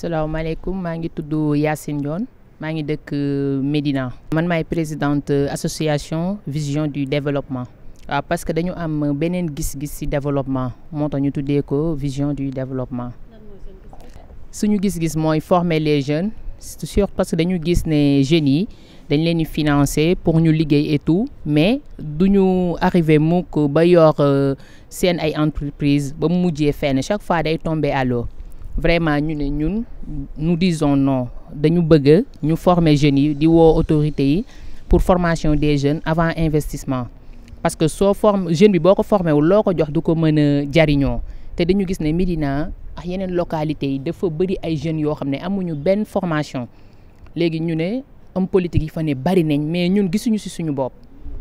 Salam alaikum, mangi tudd Yacine Dion, je ngi dëkk euh, Médina. man suis présidente euh, association vision du développement. parce que dañu am euh, beneen gis-gis ci développement moo tax ñu ko vision du développement. suñu gis-gis mooy former les jeunes c'est sûr parce que dañu gis des jeunes Nous dañ leen pour ñu liguer et tout mais duñu arrivé mukk ba yor seen ay entreprise ba mu mujjee chaque fois day tomber à l'eau vraiment nous nous ñun nous disons non dañu bëgg ñu former jeunes yi di woo autorités yi pour formation des jeunes avant investissement parce que soit forme jeune bi boko ko formé wul loo jox duko ko jariño té dañu gis né Medina ak yenen localité yi dafa bëri ay jeunes yo xamné amuñu ben formation légui ñu ne politique yi fa ne bari nañ mais ñun gisuñu ci suñu bop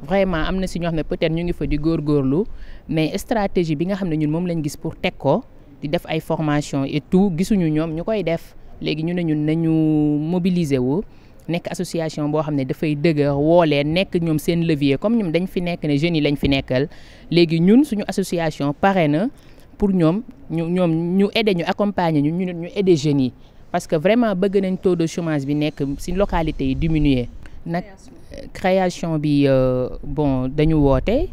vraiment amna na ci ñoo xam ne peut-être ñu ngi fa di gorlu mais stratégie bi nga xamné ñun mom lañu gis pour teg ko di def ay formation et tout gisuñu ñom ñukoy def légui ñu ne ñun nañu mobiliser wu nek association bo xamné ne dafay dëgër woolee nek ñom sen levier comme ñoom dañ fi nek né jeunes yi lañ fi nekkal légui ñun suñu association pare pour ñom ñom ñu aider ñu accompagner ñu ñu ñu aider jeunes yi parce que vraiment bëgg nañ taux de chômage bi nek ci localité yi diminuer nak création bi euh, bon dañu woté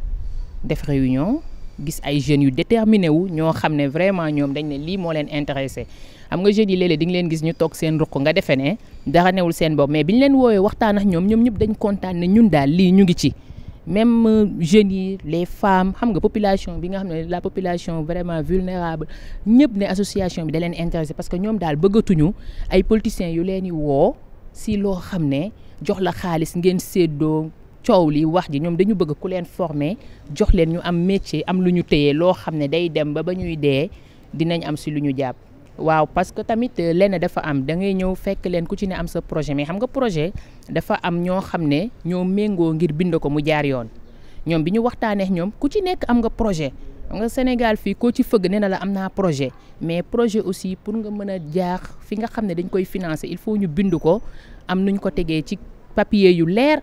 def réunion gis ay jeunes yu déterminé wu ñoo xam vraiment ñom dañ né li mo leen intéressé xam nga jeunes yi lélé léeg di nga leen gis ñu tok seen rukku nga défé né dara néwul seen bopp mais biñ leen woyé waxtaan ak ñom ñom ñep dañ contane ne ñun daal li ñu ngi ci même euh, jeunes yi les femmes xam nga population bi nga xamné la population vraiment vulnérable ñep né association bi da leen intéressé parce que ñom daal bëggatuñu ay politiciens yu leen di woo si lo xamné jox la xaalis ngeen seddo coow lii wax ji ñoom dañu bëgg ku leen former jox leen ñu am métier am lu ñu téye loo xam ne day dem ba ba ñuy dee dinañ am si lu ñu jàpp. waaw parce que tamit euh, lenn dafa am da ngay ñëw fekk leen ku ci ne am sa projet mais xam nga projet dafa am ñoo xam ne ñoo méngoo ngir bind ko mu jaar yoon ñoom bi ñu waxtaanee ñoom ku ci nekk am nga projet. nga Sénégal fii koo ci fëgg nee na la am naa projet mais projet aussi pour nga mën a jaax fi nga xam ne dañ koy financer il faut ñu bind ko am nuñ ko tegee ci papier yu leer.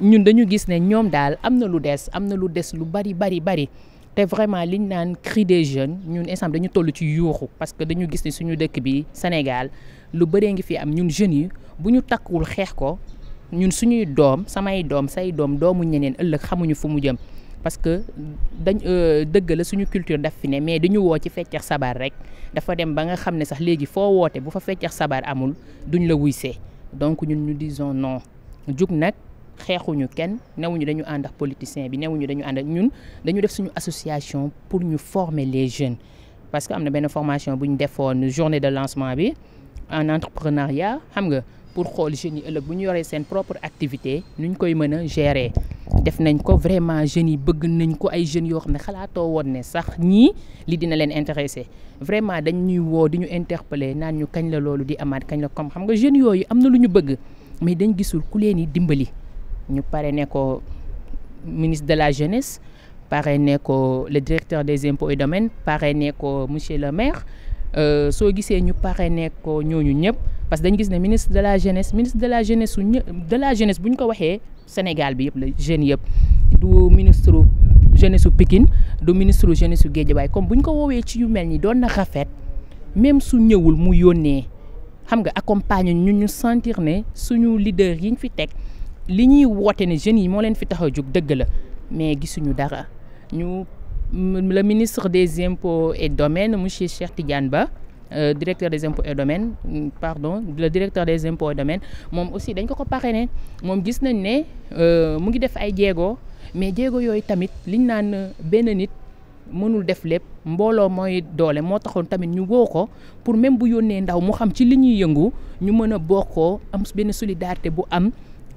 ñun dañu ne ñom daal amna lu dess bari bari bari vraiment liñ nane cri des jeunes ñun ensemble dañu tollu ci yuuxu parce que dañu gis ne suñu dëkk bi Sénégal lu fi am ñun jeunes yi nous ko ñun suñuy samay say doom doomu ñeneen xamuñu fu parce que dañ euh, la culture daf mais dañu ci sabar rek dafa dem ba nga sax bu fa sabar amul duñ la donc ñun nous disons non xeexuñu kenn newuñu dañu ànd ak politicien bi newuñu dañu ànd ñun dañu def suñu association pour ñu former les jeunes parce que amna na benn formation buñ ñu defoon journée de lancement bi en entrepreneuriat xam nga pour xol jeunes yi ëllëg bu ñu yoree seen propre activité nu ñu koy mëna gérer def nañ ko vraiment jeunes yi bëgg nañ ko ay jeunes yo xamné xalaato xalaatoo woon sax ñi li dina leen intéressé vraiment dañ ñuy woo di interpeller naan ñu kañ la lolu di amaat kañ la comme xam nga jeunes yooyu amna luñu bëgg mais dañ gisul ku leen yi dimbali ñu parrainé le ministre de la jeunesse parrainé ko le directeur des impôts et domaines parrainé ko monsieur le maire euh, soo gisee ñu parrainé ko ñooñu ñëpp parce que dañu gis ne ministre de la jeunesse ministre de la jeunesse de la jeunesse bu ñu ko waxee Sénégal bi yëpp la jeune. yëpp du ministre jeunesse su Pikine du ministre jeunesse de Guédiawaye comme bu ñu ko woowee ci yu mel rafet même su ñëwul mu yónnee xam nga accompagner ñu ñu sentir ne suñu leader yi fi li ñuy ne yi leen fi le ministre des impôts et domaines monsieur Cher Tidiane euh, directeur des impôts et domaines mm, pardon le directeur des impôts et domaines aussi parrainé gis nañ euh, mu ngi mais tamit liñ nit mënul def pour même bu ndaw mu xam ci yëngu ñu a am solidarité am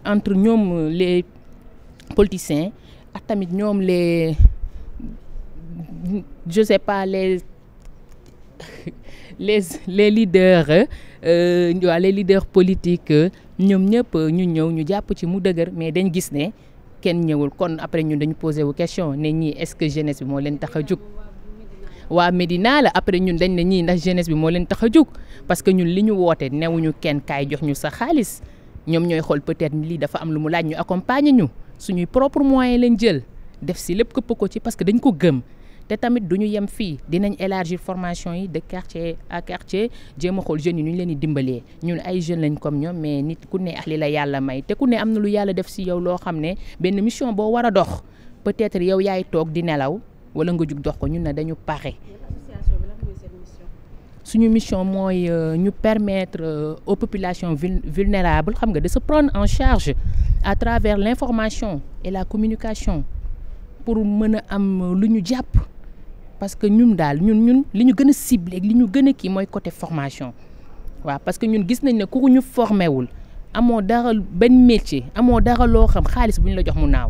entre euh, les politiciens et les je sais pas les leaders euh, euh, les leaders politiques ñom ñep ñu ñu ci mais gis question est-ce que jeunesse bi la après jeunesse bi parce que nous liñu jox ñu ñom ñoy xol peut-être li dafa am lu mu laaj ñu accompagner ñu suñuy propre moyens lañ jël def ci lepp këpp ko ci parce que dañ ko gëm té tamit duñu yem fi dinañ élargir formation yi de quartier à quartier jëm xol jeune ñu leen di dimbalee ñun ay jeune lañ comme ñom mais nit ku ne ak la yalla may té ku ne am lu yalla def ci yow lo xamné ben mission bo wara dox peut-être yow yaay tok di nelaw wala nga juk dox ko ñun ne dañu paré suñu mission moy euh, ñu permettre euh, aux populations vulnérables xam nga de se prendre en charge à travers l'information et la communication pour mëna à am luñu japp parce que ñun dal ñun ñun liñu gëna gën a ciblé li ñu gën côté formation wa parce que ñun gis nañ ne ku ñu wul amo dara ben métier amo dara lo xam xaliss buñ la jox mu naaw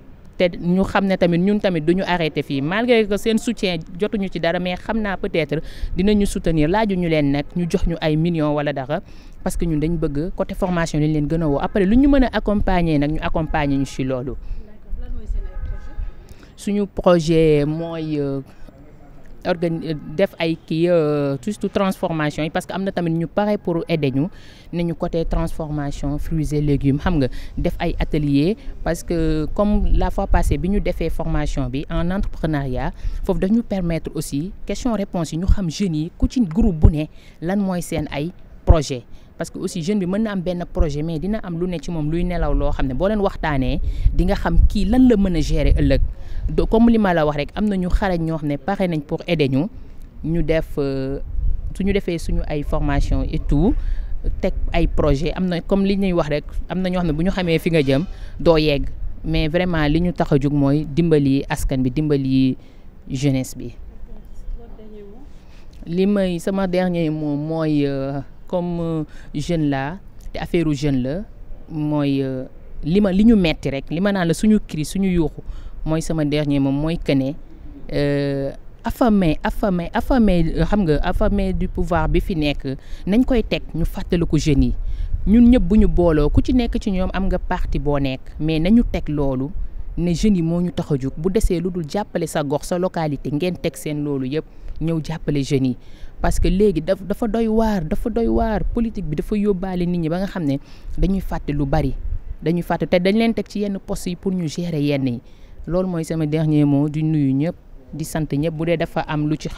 te ñu xam ne tamit ñun tamit du ñu arrêté fii malgré que seen soutien jotuñu ci dara mais xam naa peut-être dinañu soutenir laaju ñu leen nag ñu jox ñu ay millions wala dara parce que ñun dañ bëgg côté formation lañ leen gën a woo après lu ñu mën a nag ñu accompagner ñu ci loolu suñu projet mooy euh, organi euh, def ay kii euh, tout transformation parce que am na tamit ñu pare pour aider ñu ne ñu côté transformation fruits et légumes xam nga def ay atelier parce que comme la fois passée bi ñu defee formation bi en entrepreneuriat foofu dañu permettre aussi question réponse yi ñu xam jeunes yi ku ci groupe bu ne lan mooy seen ay projet parce que aussi jeune bi mën na am ben projet mais dina am lu ne ci luy nelaw lo xamne ne len waxtane di nga xam ki lan la meuna a gérer ëllëg comme li ma la wax rek am ñu xarañ ñoo xamne ne nañ pour aider ñu ñu def euh, suñu défé suñu ay formation et tout tek ay projet am comme li ñuy wax rek am na xamne buñu xamé fi nga jëm do yegg mais vraiment li ñu tax moy dimbali askan bi dimbali jeunesse bi li may sama dernier mot mooy euh, comme euh, jeune là té affaire jeune là moy euh, lima liñu metti rek lima nan la suñu cri suñu yoxu moy sama dernier moy mooy euh affamé affamé affamé euh, xam nga affamé du pouvoir bi fi nek nañ koy tek ñu ko jeune yi ñun ñëpp buñu bolo ku ci nek ci ñom am nga parti bo nek mais nañu tek lolu ne jeunes mo ñu taxaju bu déssé lu jappalé sa gox sa localité ngén ték loolu yépp parce que légui dafa doy war dafa doy politique bi dafa nit ñi ba nga xamné dañuy faté lu bari dañuy faté te dañ leen ték ci yenn pour ñu gérer yenn sama dernier mot du nuyu ñëpp di sant ñëpp bu dafa am lu ci